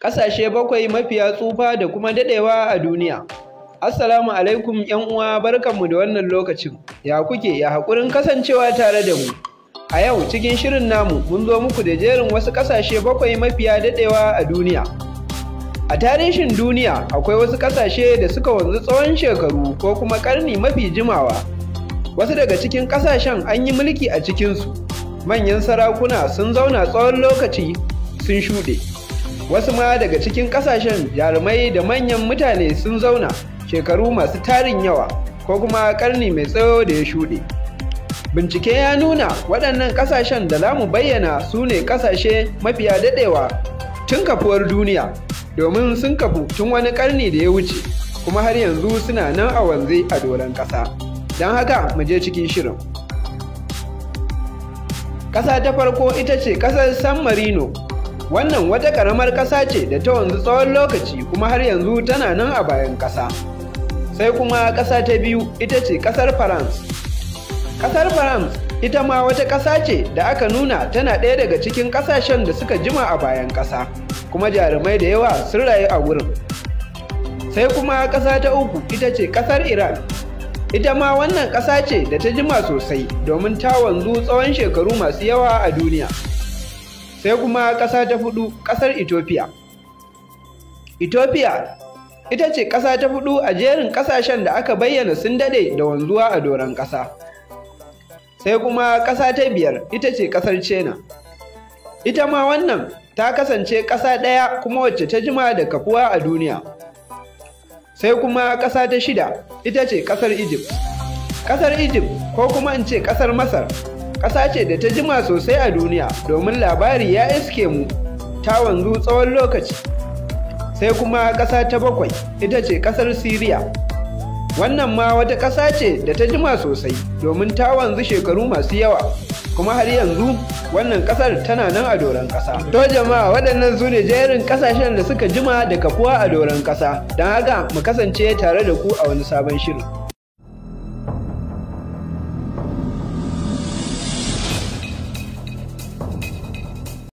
ƙasashe bakwai mafiya tsufa da kuma dadewa a duniya. Assalamu alaikum ‘yan uwa barkanmu da wannan lokacin, ya kuke ya haƙurin kasancewa tare da mu. A yau cikin shirin namu mun zo muku da jerin wasu ƙasashe bakwai mafiya dadewa a duniya. A tarihin duniya akwai wasu ƙasashe da suka wanzu tsawon shekaru ko kuma ƙarni mafi jimawa. Wasu daga cikin ƙasashen an yi mulki a cikinsu, manyan sarakuna sun zauna tsawon lokaci sun shuɗe. wasu ma daga cikin ƙasashen jarumai da manyan mutane sun zauna shekaru masu tarin yawa ko kuma ƙarni mai tsawo da ya shuɗe bincike ya nuna waɗannan ƙasashen da lamu bayyana su ne ƙasashe mafiya daɗewa tun kafuwar duniya domin sun kafu tun wani karni da ya wuce kuma har yanzu suna nan a wanze a doron ƙasa don haka mu je cikin shirin ƙasa ta farko ita ce ƙasar san marino Wannan wata ƙaramar ƙasa ce da ta wanzu tsawon lokaci kuma har yanzu tana nan a bayan ƙasa. Sai kuma ƙasa ta biyu ita ce ƙasar France. Ƙasar France ita ma wata ƙasa ce da aka nuna tana ɗaya daga cikin ƙasashen da suka jima a bayan ƙasa, kuma jarumai da yawa sun rayu a wurin. Sai kuma ƙasa ta uku ita ce ƙasar Iran. Ita ma wannan ƙasa ce da ta jima sosai domin ta wanzu tsawon shekaru masu yawa a duniya. sai kuma ƙasa ta hudu ƙasar ethiopia ethiopia ita ce ƙasa ta hudu a jerin ƙasashen da aka bayyana sun dade da wanzuwa a doron ƙasa sai kuma ƙasa ta biyar ita ce ƙasar china ita ma wannan ta kasance ƙasa ɗaya kuma wacce ta jima da kafuwa a duniya sai kuma ƙasa ta shida ita ce ƙasar egypt ƙasar egypt ko kuma in ce ƙasar masar ƙasa ce da ta jima sosai a duniya domin labari ya iske mu ta wanzu tsawon lokaci sai kuma ƙasa ta bakwai ita ce ƙasar siriya wannan ma wata ƙasa ce da ta jima sosai domin ta wanzu shekaru masu yawa kuma har yanzu wannan ƙasar tana nan a doron ƙasa to jama'a waɗannan su ne jerin ƙasashen da suka jima da kafuwa a doron ƙasa don haka mu kasance tare da ku a wani sabon shirin